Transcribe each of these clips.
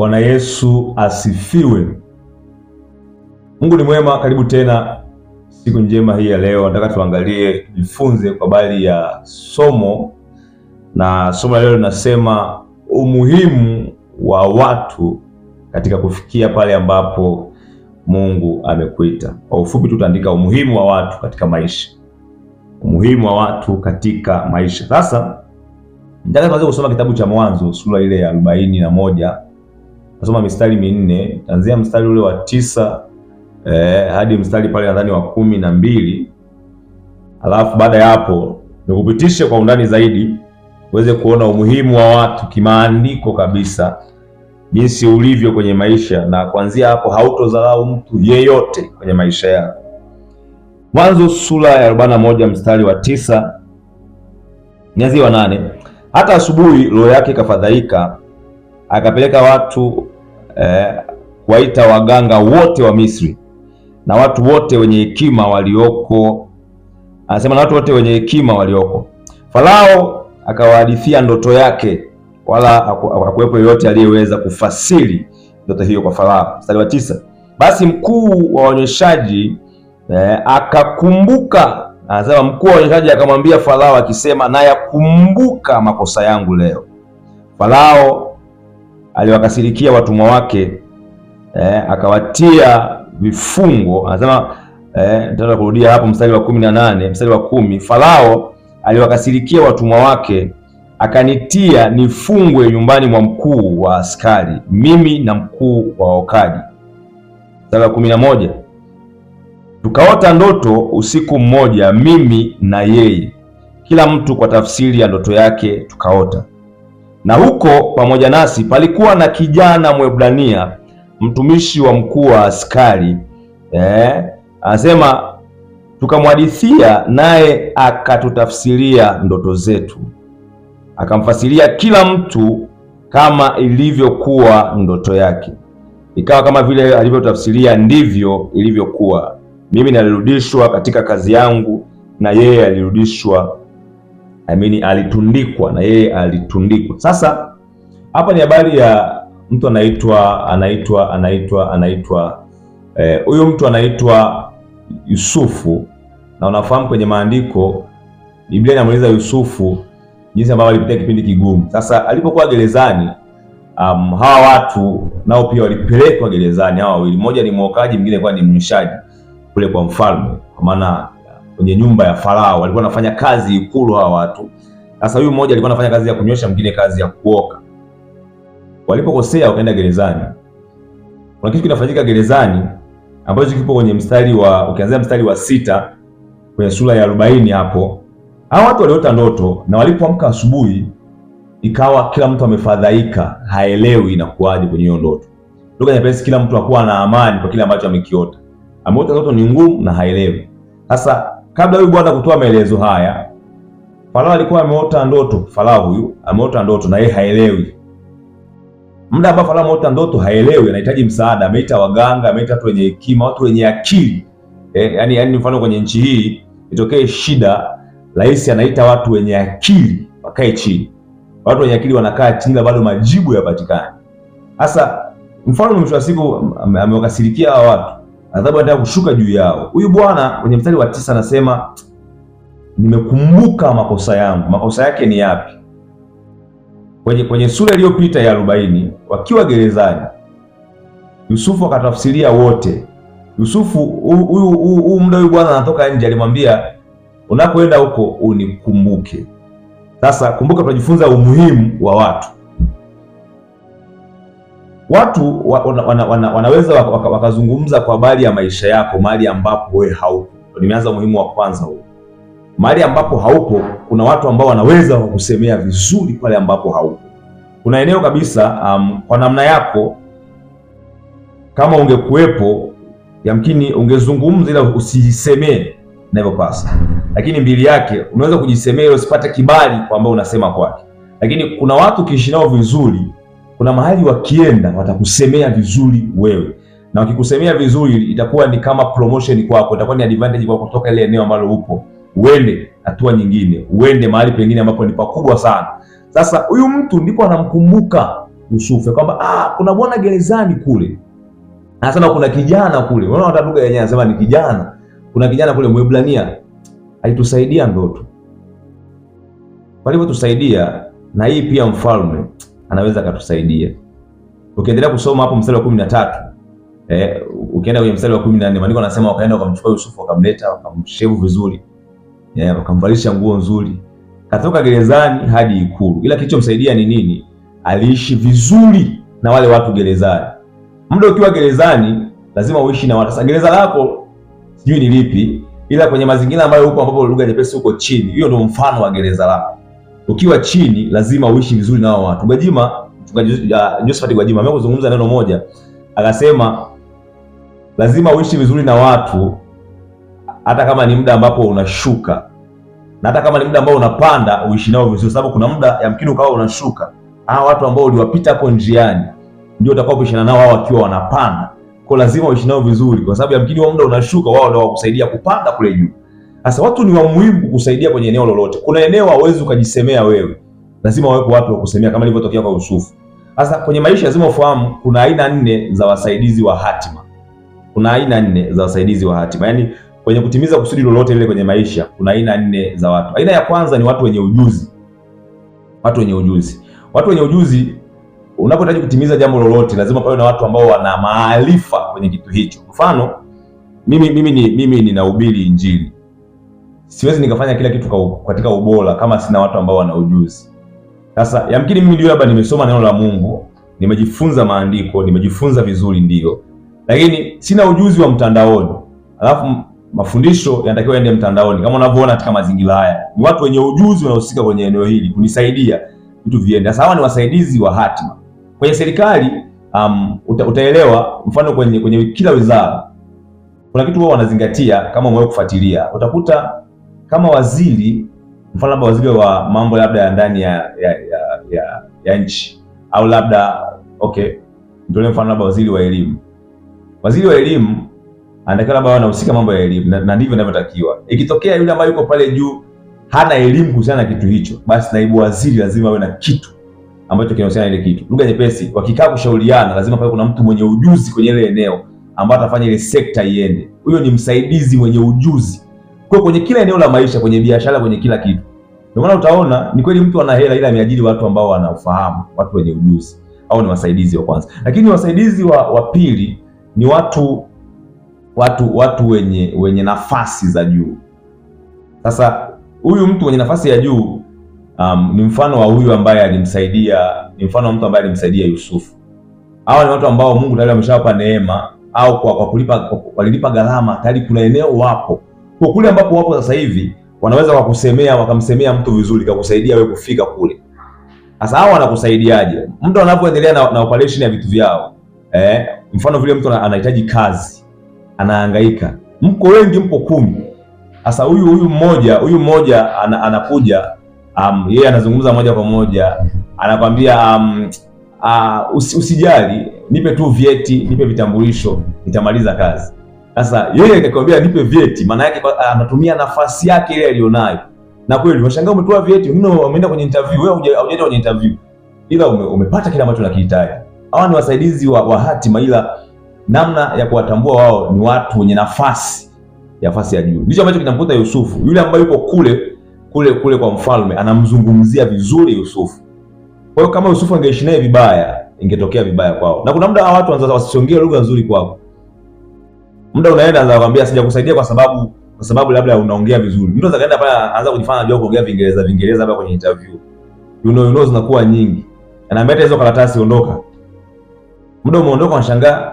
Bwana Yesu asifiwe. Mungu ni mwema. Karibu tena siku njema hii ya leo. Nataka tuangalie, tujifunze kwa bali ya somo, na somo la leo linasema umuhimu wa watu katika kufikia pale ambapo Mungu amekuita. Kwa ufupi, tu tutaandika umuhimu wa watu katika maisha, umuhimu wa watu katika maisha. Sasa nataka tuanze kusoma kitabu cha Mwanzo sura ile ya arobaini na moja nasoma mistari minne anzia mstari ule wa tisa eh, hadi mstari pale nadhani wa kumi na mbili alafu baada ya hapo nikupitishe kwa undani zaidi uweze kuona umuhimu wa watu kimaandiko kabisa jinsi ulivyo kwenye maisha, na kuanzia hapo hautozalau mtu yeyote kwenye maisha yako. Mwanzo sura ya arobaini na moja mstari wa tisa nianzie wa nane. Hata asubuhi roho yake ikafadhaika, akapeleka watu eh, kuwaita waganga wote wa Misri na watu wote wenye hekima walioko. Anasema na watu wote wenye hekima walioko. Farao akawahadithia ndoto yake, wala hakuwepo yeyote aliyeweza kufasiri ndoto hiyo kwa Farao. Mstari wa tisa, basi mkuu wa waonyeshaji eh, akakumbuka. Anasema mkuu wa waonyeshaji akamwambia Farao akisema, nayakumbuka makosa yangu leo. Farao aliwakasirikia watumwa wake eh, akawatia vifungo. Anasema eh, nitaenda kurudia hapo mstari wa kumi na nane mstari wa kumi Farao aliwakasirikia watumwa wake akanitia nifungwe nyumbani mwa mkuu wa askari, mimi na mkuu wa waokaji. Mstari wa kumi na moja tukaota ndoto usiku mmoja, mimi na yeye, kila mtu kwa tafsiri ya ndoto yake tukaota na huko pamoja nasi palikuwa na kijana Mwebrania, mtumishi wa mkuu wa askari eh, anasema tukamhadithia naye akatutafsiria ndoto zetu, akamfasiria kila mtu kama ilivyokuwa ndoto yake. Ikawa kama vile alivyotafsiria ndivyo ilivyokuwa. Mimi nalirudishwa katika kazi yangu, na yeye alirudishwa I mean, alitundikwa na yeye alitundikwa. Sasa hapa ni habari ya mtu anaitwa anaitwa anaitwa anaitwa eh, huyo eh, mtu anaitwa Yusufu, na unafahamu kwenye maandiko Biblia inamueleza Yusufu jinsi ambavyo alipitia kipindi kigumu. Sasa alipokuwa gerezani um, hawa watu nao pia walipelekwa gerezani hawa wawili, mmoja ni mwokaji, mwingine kwa ni mnyweshaji kule kwa mfalme, kwa maana kwenye nyumba ya Farao, walikuwa wanafanya kazi ikulu hawa watu. Sasa huyu mmoja alikuwa anafanya kazi ya kunyosha, mwingine kazi ya kuoka. Walipokosea wakaenda gerezani. Kuna kitu kinafanyika gerezani ambacho kipo kwenye mstari wa ukianzia mstari wa sita kwenye sura ya 40 hapo. Hawa watu waliota ndoto na walipoamka asubuhi ikawa kila mtu amefadhaika, haelewi inakuwaje kwenye hiyo ndoto. Lugha nyepesi, kila mtu hakuwa na amani kwa kile ambacho amekiota. Ameota ndoto ni ngumu na haelewi. Sasa Kabla huyu bwana kutoa maelezo haya, Farao alikuwa ameota ndoto. Farao huyu ameota ndoto na yeye haelewi. Muda ambao Farao ameota ndoto haelewi, anahitaji msaada. Ameita waganga, ameita watu wenye hekima, watu wenye akili eh, yani, yani mfano kwenye nchi hii itokee shida, rais anaita watu wenye akili wakae chini. Watu wenye akili wanakaa chini, na bado majibu yapatikane. Sasa mfano mwisho wa siku amewakasirikia hawa watu adhabu anataka kushuka juu yao. Huyu bwana kwenye mstari wa tisa anasema nimekumbuka makosa yangu. Makosa yake ni yapi? Kwenye, kwenye sura iliyopita ya arobaini wakiwa gerezani, Yusufu akatafsiria wote. Yusufu huu muda huyu bwana anatoka nje, alimwambia unapoenda huko unikumbuke. Sasa kumbuka, tunajifunza umuhimu wa watu watu wa, wana, wana, wanaweza wakazungumza waka, waka kwa habari ya maisha yako mahali ambapo wewe haupo. Nimeanza muhimu wa kwanza huo, mahali ambapo haupo kuna watu ambao wanaweza wakusemea vizuri pale ambapo haupo. Kuna eneo kabisa, um, kwa namna yako kama ungekuwepo, yamkini ungezungumza, ila usijisemee inavyopasa, lakini mbili yake unaweza kujisemea ili usipate kibali kwa ambao unasema kwake. Lakini kuna watu ukiishi nao vizuri kuna mahali wakienda watakusemea vizuri wewe, na wakikusemea vizuri itakuwa ni kama promotion kwako, itakuwa ni advantage kwako kutoka ile eneo ambalo upo uende hatua nyingine, uende mahali pengine ambapo ni pakubwa sana. Sasa huyu mtu ndipo anamkumbuka Yusufu kwamba ah, kuna bwana gerezani kule anasema kuna kijana kule, unaona hata lugha yenyewe anasema ni kijana, kuna kijana kule Mwebrania alitusaidia ndoto, walivyotusaidia na hii pia mfalme anaweza akatusaidia. Ukiendelea kusoma hapo mstari wa kumi na tatu eh, ukienda kwenye mstari wa kumi na nne maandiko anasema wakaenda wakamchukua Yusufu wakamleta wakamshevu vizuri eh, wakamvalisha nguo nzuri, katoka gerezani hadi ikulu. Ila kilichomsaidia ni nini? Aliishi vizuri na wale watu gerezani. Muda ukiwa gerezani lazima uishi na watu. Sasa gereza lako sijui ni lipi, ila kwenye mazingira ambayo huko ambapo lugha nyepesi huko chini, hiyo ndio mfano wa gereza lako ukiwa chini lazima uishi vizuri na watu. Gwajima, uh, Josephat Gwajima amekuzungumza neno moja, akasema lazima uishi vizuri na watu hata kama ni muda ambapo unashuka na hata kama ni muda ambao unapanda uishi nao vizuri, sababu kuna muda yamkini ukawa unashuka. Hawa watu ambao uliwapita hapo njiani ndio utakao kuishana nao wao wakiwa wanapanda, kwa lazima uishi nao vizuri, kwa sababu yamkini huo muda unashuka, wao ndio wakusaidia kupanda kule juu. Sasa watu ni wa muhimu kusaidia kwenye eneo lolote. Kuna eneo hauwezi ukajisemea wewe, lazima wawepo watu wa kusemea, kama ilivyotokea kwa Yusufu. Sasa kwenye maisha lazima ufahamu kuna aina nne za wasaidizi wa hatima. Kuna aina nne za wasaidizi wa hatima, yaani kwenye kutimiza kusudi lolote lile kwenye maisha kuna aina nne za watu. Aina ya kwanza ni watu wenye ujuzi, watu wenye ujuzi, watu wenye ujuzi. Unapohitaji kutimiza jambo lolote, lazima pawe na watu ambao wana maarifa kwenye kitu hicho. Mfano mimi, mimi, mimi ninahubiri Injili siwezi nikafanya kila kitu katika ubora kama sina watu ambao wana ujuzi. Sasa yamkini mimi ndio labda nimesoma neno la Mungu, nimejifunza maandiko, nimejifunza vizuri ndio, lakini sina ujuzi wa mtandaoni. Alafu mafundisho yanatakiwa yaende mtandaoni, kama unavyoona katika mazingira haya, ni watu wenye ujuzi wanaohusika kwenye eneo hili kunisaidia vitu viende. Sasa hawa ni wasaidizi wa hatima kwenye serikali. Um, uta, utaelewa mfano kwenye, kwenye kila wizara kuna kitu wao wanazingatia. Kama umewahi kufuatilia utakuta kama waziri, mfano labda waziri wa mambo labda ya ndani ya, ya, ya, ya, ya nchi au labda okay, ndio mfano labda waziri wa elimu. Waziri wa elimu anatakiwa labda anahusika mambo ya elimu, na ndivyo inavyotakiwa. Ikitokea yule ambaye yuko pale juu hana elimu kuhusiana na kitu hicho, basi naibu waziri lazima awe na kitu ambacho kinahusiana na ile kitu. Lugha nyepesi, wakikaa kushauriana, lazima pale kuna mtu mwenye ujuzi kwenye ile eneo ambaye atafanya ile sekta iende. Huyo ni msaidizi mwenye ujuzi kwa kwenye kila eneo la maisha, kwenye biashara, kwenye kila kitu. Ndio maana utaona ni kweli mtu ana hela ila ameajiri watu ambao wanaofahamu, watu wenye ujuzi au ni wasaidizi wa kwanza. Lakini wasaidizi wa, wa pili ni watu watu watu wenye wenye nafasi za juu. Sasa huyu mtu mwenye nafasi ya juu um, ni mfano wa huyu ambaye alimsaidia, ni mfano wa mtu ambaye alimsaidia Yusufu. Hawa ni watu ambao Mungu tayari ameshawapa neema au kwa, kwa kulipa walilipa gharama tayari kuna eneo wapo kwa kule ambapo wapo sasa hivi wanaweza wakusemea wakamsemea mtu vizuri kakusaidia wewe kufika kule. Sasa hao wanakusaidiaje? Mtu anapoendelea na, na operation ya vitu vyao. Eh, mfano vile mtu anahitaji kazi, anahangaika. Mko wengi, mko kumi. Sasa huyu huyu mmoja, huyu mmoja anakuja um, yeye anazungumza moja kwa moja, anakwambia um, uh, usijali, nipe tu vyeti, nipe vitambulisho, nitamaliza kazi. Sasa yeye akakwambia nipe vyeti, maana yake ah, anatumia nafasi yake ile aliyonayo. Na kweli washangaa, umetoa vyeti, umeenda kwenye interview, wewe hujaenda kwenye interview, ila ume, umepata kile ambacho unakihitaji. Hawa ni wasaidizi wa, wa hatima, ila namna ya kuwatambua wao ni watu wenye nafasi ya nafasi ya juu. Ndicho ambacho kinamkuta Yusufu, yule ambaye yuko kule kule kule kwa mfalme, anamzungumzia vizuri Yusufu. Kwa hiyo kama Yusufu angeishi naye vibaya, ingetokea vibaya kwao, na kuna muda hawa watu wanaanza wasiongee lugha nzuri kwao muda unaenda, anza kuambia sijakusaidia kwa sababu kwa sababu labda unaongea vizuri. Mtu anaweza kaenda pale anza kujifanya anajua kuongea Kiingereza Kiingereza hapa kwenye interview, you know, you know zinakuwa nyingi, anaambia hizo karatasi ondoka. Muda umeondoka, unashangaa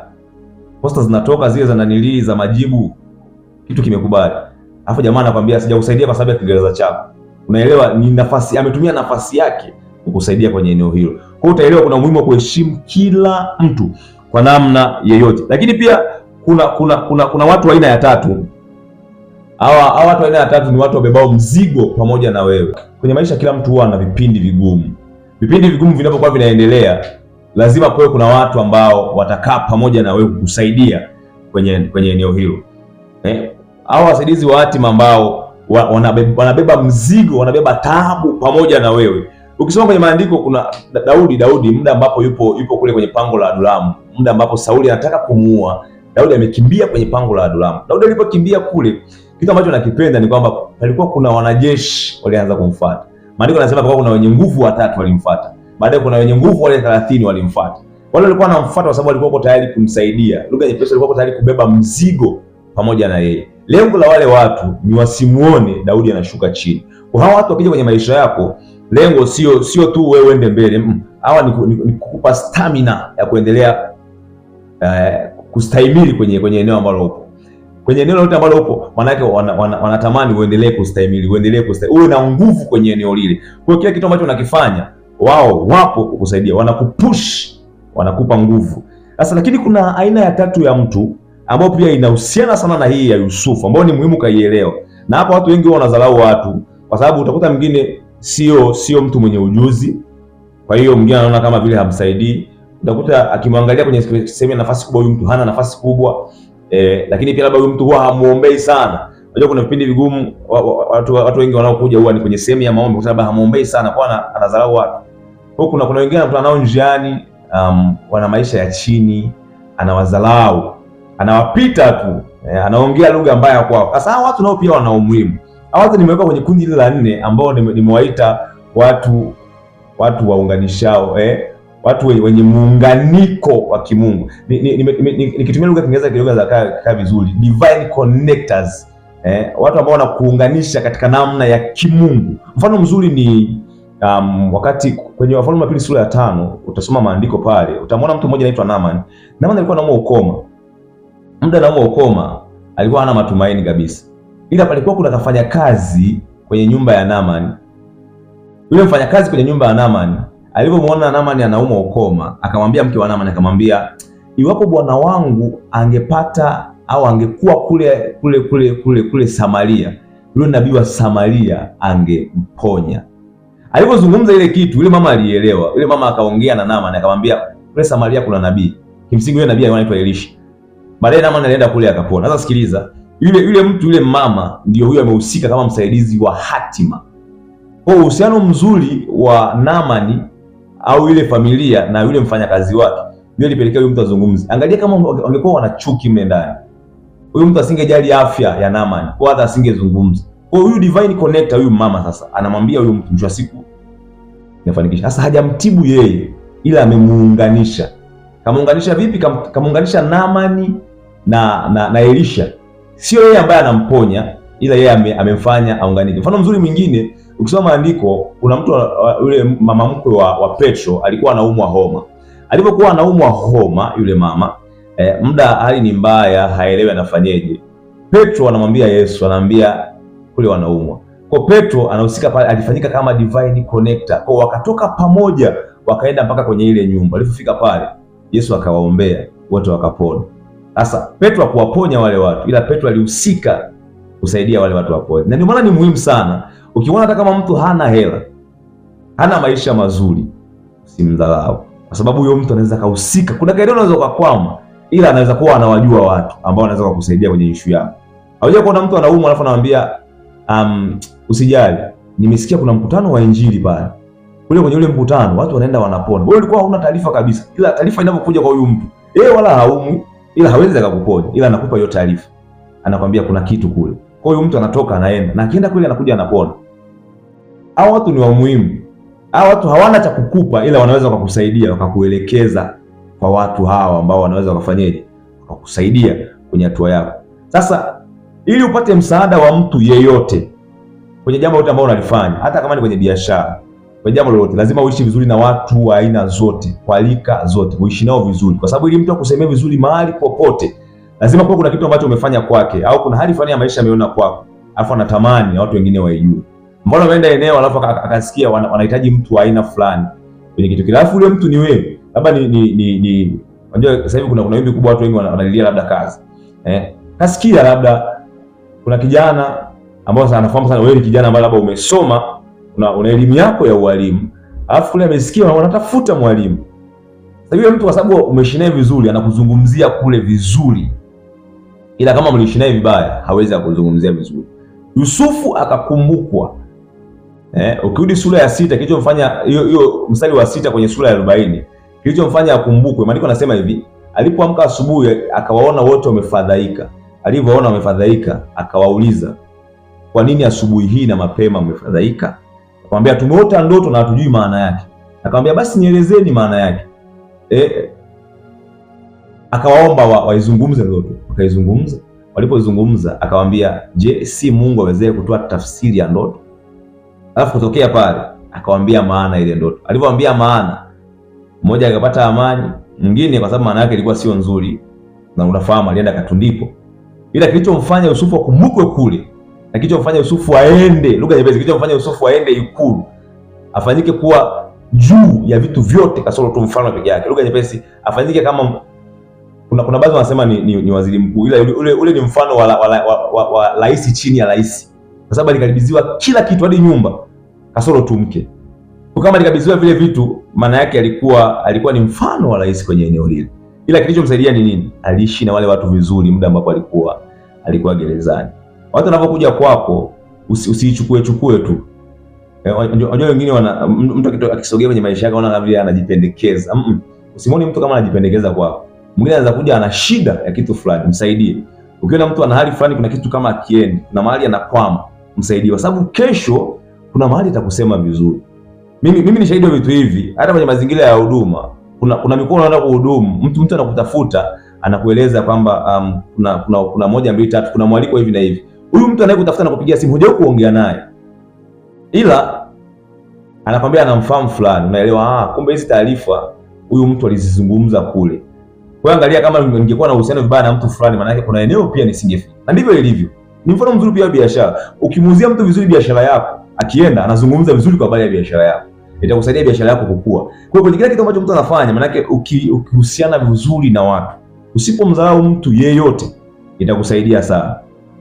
posta zinatoka zile za nanili za majibu, kitu kimekubali, alafu jamaa anakwambia sijakusaidia kwa sababu ya Kiingereza chako. Unaelewa, ni nafasi ametumia nafasi yake kukusaidia kwenye eneo hilo. Kwa hiyo utaelewa kuna umuhimu wa kuheshimu kila mtu kwa namna yeyote, lakini pia kuna kuna kuna kuna watu aina ya tatu. Hawa watu aina ya tatu ni watu wabebao mzigo pamoja na wewe kwenye maisha. Kila mtu huwa ana vipindi vigumu. Vipindi vigumu vinapokuwa vinaendelea, lazima kuwe kuna watu ambao watakaa pamoja na wewe kukusaidia kwenye kwenye eneo hilo eh? Hawa wasaidizi wa hatima ambao wanabeba, wanabeba mzigo wanabeba taabu pamoja na wewe. Ukisoma kwenye maandiko kuna Daudi Daudi, muda ambapo yupo yupo kule kwenye pango la Adulamu, muda ambapo Sauli anataka kumuua Daudi amekimbia kwenye pango la Adulamu. Daudi alipokimbia kule, kitu ambacho nakipenda ni kwamba palikuwa kuna wanajeshi walianza kumfuata. Maandiko yanasema palikuwa kuna wenye nguvu watatu walimfuata. Baadaye kuna wenye nguvu wale 30 walimfuata. Wale walikuwa wanamfuata kwa sababu walikuwa tayari kumsaidia. Lugha nyepesi, walikuwa tayari kubeba mzigo pamoja na yeye. Lengo la wale watu ni wasimuone Daudi anashuka chini. Kwa hao watu wakija kwenye maisha yako, lengo sio sio tu wewe uende mbele. Mm. Hawa ni, ni, ni kukupa stamina ya kuendelea eh, kustahimili kwenye kwenye eneo ambalo upo, kwenye eneo lote ambalo upo, manake wanatamani uendelee kustahimili, uendelee kustahimili, uwe na nguvu kwenye eneo lile. Kwa hiyo kila kitu ambacho unakifanya, wao wapo kukusaidia, wanakupush, wanakupa nguvu. Sasa lakini kuna aina ya tatu ya mtu ambayo pia inahusiana sana na hii ya Yusufu, ambayo ni muhimu kaielewa, na hapa watu wengi wanadharau watu, kwa sababu utakuta mwingine sio sio mtu mwenye ujuzi, kwa hiyo mwingine anaona kama vile hamsaidii Utakuta akimwangalia kwenye sehemu ya nafasi kubwa, huyu mtu hana nafasi kubwa eh, lakini pia labda huyu mtu huwa hamuombei sana. Unajua kuna vipindi vigumu watu watu wengi wanaokuja huwa ni kwenye sehemu ya maombi, kwa sababu hamuombei sana, kwa anadharau watu. Kwa kuna kuna wengine anakutana nao njiani, um, wana maisha ya chini, anawadharau, anawapita tu eh, anaongea lugha mbaya kwao. Sasa hao watu nao pia wana umuhimu. Hawa nimeweka kwenye kundi lile la nne ambao nimewaita watu watu waunganishao eh watu wenye muunganiko wa kimungu. Nikitumia lugha Kiingereza kidogo za zakaa vizuri, divine connectors eh, watu ambao wanakuunganisha katika namna ya kimungu. Mfano mzuri ni um, wakati kwenye Wafalme wa Pili sura ya tano utasoma maandiko pale, utamwona mtu mmoja anaitwa Naaman. Naaman alikuwa anaumwa ukoma, muda anaumwa ukoma alikuwa hana matumaini kabisa, ila palikuwa kuna kafanya kazi kwenye nyumba ya Naaman. Yule mfanyakazi kwenye nyumba ya Naaman Alivyomwona Naamani anaumwa ukoma, akamwambia mke wa Naamani, akamwambia iwapo bwana wangu angepata au angekuwa kule kule kule kule kule Samaria, yule nabii wa Samaria angemponya. Alipozungumza ile kitu, yule mama alielewa. Yule mama akaongea na Naamani akamwambia, kule Samaria kuna nabii. Kimsingi yule nabii anaitwa Elisha. Baadaye Naamani alienda kule akapona. Sasa sikiliza, yule yule mtu yule mama ndio huyo amehusika kama msaidizi wa hatima. Kwa uhusiano mzuri wa Naamani au ile familia na yule mfanyakazi wake ndio ilipelekea huyu mtu azungumze. Angalia kama wangekuwa wana chuki mle ndani, huyu mtu asingejali afya ya Naamani, kwa hata asingezungumza. Kwa huyu divine connector, huyu mama sasa anamwambia huyu mtu, mwisho siku nafanikisha sasa. Hajamtibu yeye, ila amemuunganisha. Kamuunganisha vipi? Kam, kamuunganisha Naamani na, na na Elisha. Sio yeye ambaye anamponya, ila yeye amemfanya aunganike. Mfano mzuri mwingine Ukisoma maandiko, kuna mtu yule mama mkwe wa, wa Petro alikuwa anaumwa homa. Alipokuwa anaumwa homa yule mama e, muda hali ni mbaya, haelewi anafanyeje. Petro anamwambia Yesu, anaambia kule wanaumwa kwa Petro anahusika pale, alifanyika kama divine connector. Kwa wakatoka pamoja wakaenda mpaka kwenye ile nyumba. Alipofika pale, Yesu akawaombea, wote wakapona. Sasa Petro hakuwaponya wale watu, ila Petro alihusika kusaidia wale watu wapoe. Na ndio maana ni muhimu sana, ukiona hata kama mtu hana hela, hana maisha mazuri, usimdharau, kwa sababu huyo mtu anaweza kahusika. Kuna gari unaweza kukwama, ila anaweza kuwa anawajua watu ambao wanaweza kukusaidia kwenye issue yako. Hauja kuona mtu anaumwa alafu anamwambia um, usijali, nimesikia kuna mkutano wa injili pale kule kwenye ule mkutano watu wanaenda wanapona. Wewe ulikuwa hauna taarifa kabisa, ila taarifa inapokuja kwa huyu mtu yeye wala haumwi, ila hawezi akakuponya, ila anakupa hiyo taarifa, anakwambia kuna kitu kule. Kwa hiyo mtu anatoka anaenda, na akienda kule anakuja anapona. Hao watu ni wa muhimu. Hao watu hawana cha kukupa, ila wanaweza wakakusaidia wakakuelekeza kwa watu hawa ambao wanaweza wakafanyaje, wakakusaidia kwenye hatua yako. Sasa ili upate msaada wa mtu yeyote kwenye jambo lolote ambalo unalifanya, hata kama ni kwenye biashara, kwenye jambo lolote, lazima uishi vizuri na watu wa aina zote, kwa rika zote, uishi nao vizuri, kwa sababu ili mtu akusemee vizuri mahali popote lazima kuwa kuna kitu ambacho umefanya kwake au kuna hali fulani ya maisha ameona kwako, alafu anatamani watu wengine waijue. Mbona ameenda eneo alafu akasikia wanahitaji mtu wa aina fulani kwenye kitu kile, alafu ule mtu ni wewe, labda ni ni ni, ni unajua sasa hivi kuna kuna wimbi kubwa, watu wengi wanalilia labda kazi eh, kasikia labda kuna kijana ambaye sana anafahamu sana, wewe ni kijana ambaye labda umesoma una, una elimu yako ya ualimu, alafu kule amesikia wanatafuta mwalimu. Sasa yule mtu kwa sababu umeshinae vizuri, anakuzungumzia kule vizuri ila kama mliishi naye vibaya hawezi akuzungumzia vizuri. Yusufu akakumbukwa. Eh, ukirudi sura ya sita kilichomfanya hiyo hiyo mstari wa sita kwenye sura ya arobaini kilichomfanya akumbukwe, maandiko anasema hivi, alipoamka asubuhi akawaona wote wamefadhaika. Alivyoona wamefadhaika, akawauliza kwa nini asubuhi hii na mapema mmefadhaika? Akamwambia tumeota ndoto na hatujui maana yake. Akamwambia basi nielezeni maana yake. Eh, akawaomba waizungumze wa ndoto, wakaizungumza. Walipozungumza akawaambia, je, si Mungu awezee kutoa tafsiri ya ndoto? Alafu kutokea pale akawaambia maana ile ndoto. Alipoambia maana, mmoja akapata amani, mwingine kwa sababu maana yake ilikuwa sio nzuri, na unafahamu alienda katundipo, ila kilichomfanya Yusufu akumbukwe kule na kilichomfanya Yusufu aende, lugha nyepesi, kilichomfanya Yusufu aende ikulu, afanyike kuwa juu ya vitu vyote kasoro tu mfano peke yake, lugha nyepesi, afanyike kama kuna kuna baadhi wanasema ni, ni, ni waziri mkuu, ila ule, ule ule ni mfano wa wa, wa, wa, wa, rais chini ya rais, kwa sababu alikabidhiwa kila kitu hadi nyumba kasoro tu mke. Kama alikabidhiwa vile vitu, maana yake alikuwa alikuwa ni mfano wa rais kwenye eneo lile, ila kilichomsaidia ni nini? Aliishi na wale watu vizuri muda ambapo alikuwa alikuwa gerezani. Watu wanapokuja kwako usiichukue chukue tu eh, Unajua wengine wana mtu akisogea kwenye maisha yake anaona vile anajipendekeza. Mm, usimwone mtu kama anajipendekeza kwako. Mwingine anaweza kuja ana shida ya kitu fulani, msaidie. Ukiona mtu ana hali fulani, kuna kitu kama akiendi, kuna mahali anakwama, msaidie, kwa sababu kesho kuna mahali atakusema vizuri. Mimi mimi ni shahidi wa vitu hivi, hata kwenye mazingira ya huduma. Kuna kuna mikono unaenda kuhudumu, mtu mtu anakutafuta, anakueleza kwamba um, kuna kuna kuna moja mbili tatu, kuna mwaliko hivi na hivi. Huyu mtu anayekutafuta na kupigia simu, hujao kuongea naye, ila anakwambia anamfahamu fulani, unaelewa, ah, kumbe hizi taarifa huyu mtu alizizungumza kule kwa angalia kama ningekuwa na uhusiano vibaya na mtu fulani, maana yake kuna eneo pia nisingefika. Na ndivyo ilivyo. Ni mfano mzuri pia biashara. Ukimuuzia mtu vizuri biashara yako, akienda anazungumza vizuri kwa habari ya biashara yako, itakusaidia biashara yako kukua. Kwa hiyo kwenye kila kitu ambacho mtu anafanya, maana yake ukihusiana vizuri na watu, usipomdharau mtu yeyote, itakusaidia sana.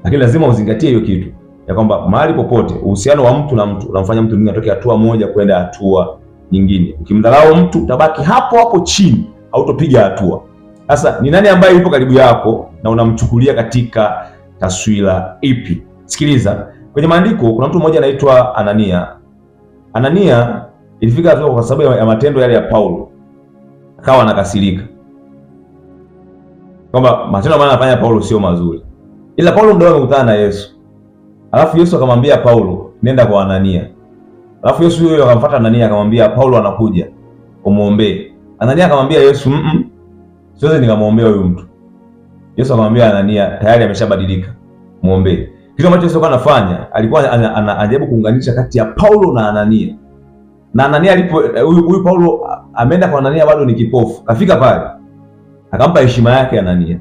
Lakini lazima uzingatie hiyo kitu ya kwamba mahali popote uhusiano wa mtu na mtu unamfanya mtu mwingine atoke hatua moja kwenda hatua nyingine. Ukimdharau mtu utabaki hapo hapo chini, hautopiga hatua. Sasa ni nani ambaye yupo karibu yako na unamchukulia katika taswira ipi? Sikiliza, kwenye maandiko kuna mtu mmoja anaitwa Anania. Anania ilifika hatua kwa sababu ya matendo yale ya Paulo akawa anakasirika kwamba matendo ambayo anafanya Paulo sio mazuri, ila Paulo ndio amekutana na Yesu, alafu Yesu akamwambia Paulo, nenda kwa Anania. Alafu Yesu huyo akamfuata Anania akamwambia, Paulo anakuja, umuombee. Anania akamwambia Yesu, mm -mm siwezi nikamwombea huyu mtu. Yesu akamwambia Anania, tayari ameshabadilika, muombee. Kitu ambacho Yesu anafanya alikuwa anajaribu kuunganisha kati ya Paulo na Anania, na Anania alipo eh, huyu uh, Paulo ameenda kwa Anania, bado ni kipofu. Kafika pale akampa heshima yake Anania,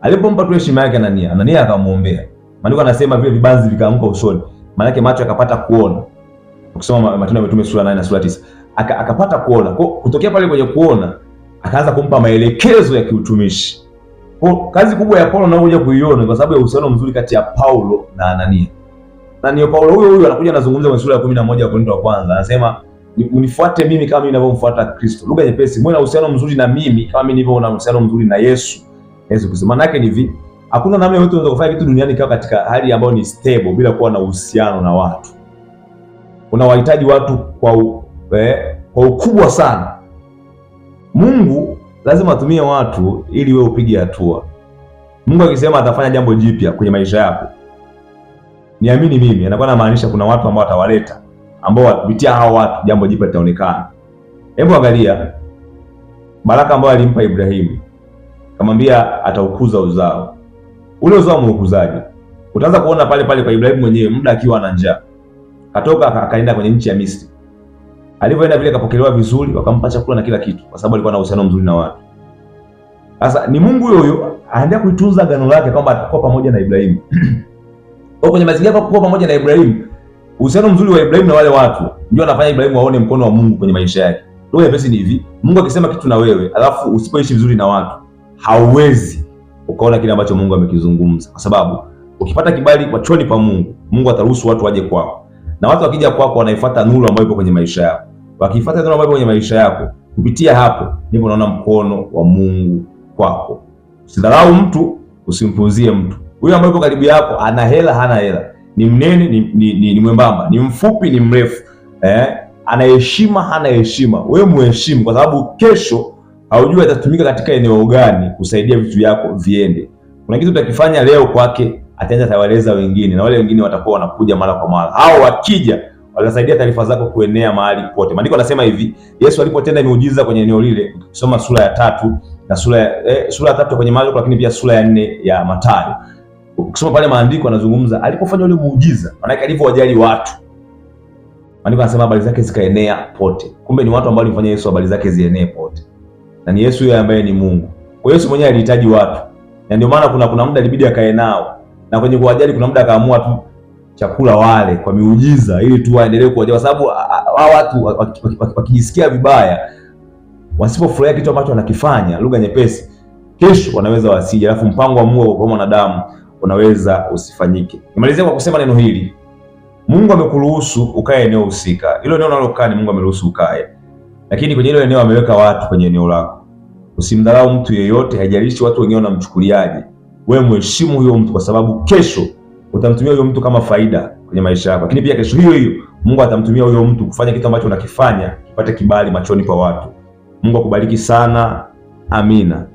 alipompa tu heshima yake Anania, Anania akamwombea. Maandiko anasema vile vibanzi vikaanguka usoni, maanake macho akapata kuona. Ukisoma Matendo ya Mitume sura 8 na sura 9 akapata kuona. Kwa kutokea pale kwenye kuona akaanza kumpa maelekezo ya kiutumishi. Kwa kazi kubwa ya Paulo naokuja kuiona kwa sababu ya uhusiano mzuri kati ya Paulo na Anania. Na ndio Paulo huyo huyo anakuja anazungumza kwenye sura ya 11 ya Korinto wa kwanza, anasema unifuate mimi kama mimi ninavyomfuata Kristo. Lugha nyepesi, mwe na uhusiano mzuri na mimi kama mimi nilivyo na uhusiano mzuri na Yesu. Yesu Kristo. Maana yake ni hivi, hakuna namna yoyote unaweza kufanya kitu duniani kwa katika hali ambayo ni stable bila kuwa na uhusiano na watu. Unawahitaji watu kwa u, eh, kwa ukubwa sana Mungu lazima atumie watu ili wewe upige hatua. Mungu akisema atafanya jambo jipya kwenye maisha yako, niamini mimi, anakuwa anamaanisha kuna watu ambao atawaleta, ambao kupitia hao watu jambo jipya litaonekana. Hebu angalia baraka ambayo alimpa Ibrahimu, kamwambia ataukuza uzao ule. Uzao umeukuzaje? Utaanza kuona pale pale kwa Ibrahimu mwenyewe, muda akiwa na njaa, katoka akaenda kwenye nchi ya Misri Alivyoenda vile akapokelewa vizuri, wakampa chakula na kila kitu, kwa sababu alikuwa na uhusiano mzuri na watu. Sasa ni Mungu huyo huyo anaendelea kuitunza agano lake kwamba atakuwa pamoja na Ibrahimu. Kwa kwenye mazingira kwa pamoja na Ibrahimu, uhusiano mzuri wa Ibrahimu na wale watu ndio anafanya Ibrahimu aone mkono wa Mungu kwenye maisha yake. Roho ya pesi ni hivi, Mungu akisema kitu na wewe, alafu usipoishi vizuri na watu, hauwezi ukaona kile ambacho Mungu amekizungumza. Kwa sababu ukipata kibali kwa choni pa Mungu, Mungu ataruhusu watu waje kwako. Na watu wakija kwako wanaifuata nuru ambayo ipo kwenye maisha yao. Wakifuata neno ambavyo kwenye maisha yako, kupitia hapo ndipo unaona mkono wa Mungu kwako. Usidharau mtu, usimpuuzie mtu. Huyo ambaye yuko karibu yako ana hela, hana hela, ni mnene, ni, ni, ni, ni mwembamba, ni mfupi, ni mrefu eh? ana heshima, hana heshima, wewe muheshimu, kwa sababu kesho haujui atatumika katika eneo gani kusaidia vitu vyako viende. Kuna kitu utakifanya leo kwake, ataenda atawaeleza wengine, na wale wengine watakuwa wanakuja mara kwa mara. Hao wakija watasaidia taarifa zako kuenea mahali pote. Maandiko anasema hivi, Yesu alipotenda miujiza kwenye eneo lile, ukisoma sura ya tatu na sura ya eh, sura ya tatu kwenye Marko, lakini pia sura ya nne ya Mathayo, ukisoma pale maandiko anazungumza alipofanya ule muujiza, maana yake alivyowajali watu. Maandiko anasema habari zake zikaenea pote. Kumbe ni watu ambao walimfanya Yesu habari zake zienee pote, na ni Yesu yeye ambaye ni Mungu. Kwa Yesu mwenyewe alihitaji watu, na ndio maana kuna kuna muda ilibidi akae nao, na kwenye kuwajali kuna muda akaamua tu chakula wale kwa miujiza, ili tu waendelee kuja, kwa sababu hawa watu wakijisikia vibaya, wasipofurahia kitu ambacho wanakifanya, lugha nyepesi, kesho wanaweza wasije, alafu mpango wa Mungu kwa mwanadamu unaweza usifanyike. Nimalizia kwa kusema neno hili, Mungu amekuruhusu ukae eneo husika, hilo eneo unalokaa ni Mungu ameruhusu ukae, lakini kwenye hilo eneo ameweka watu kwenye eneo lako. Usimdharau mtu yeyote, haijalishi watu wengine wanamchukuliaje, wewe mheshimu huyo mtu, kwa sababu kesho utamtumia huyo mtu kama faida kwenye maisha yako, lakini pia kesho hiyo hiyo Mungu atamtumia huyo mtu kufanya kitu ambacho unakifanya kipate kibali machoni pa watu. Mungu akubariki sana. Amina.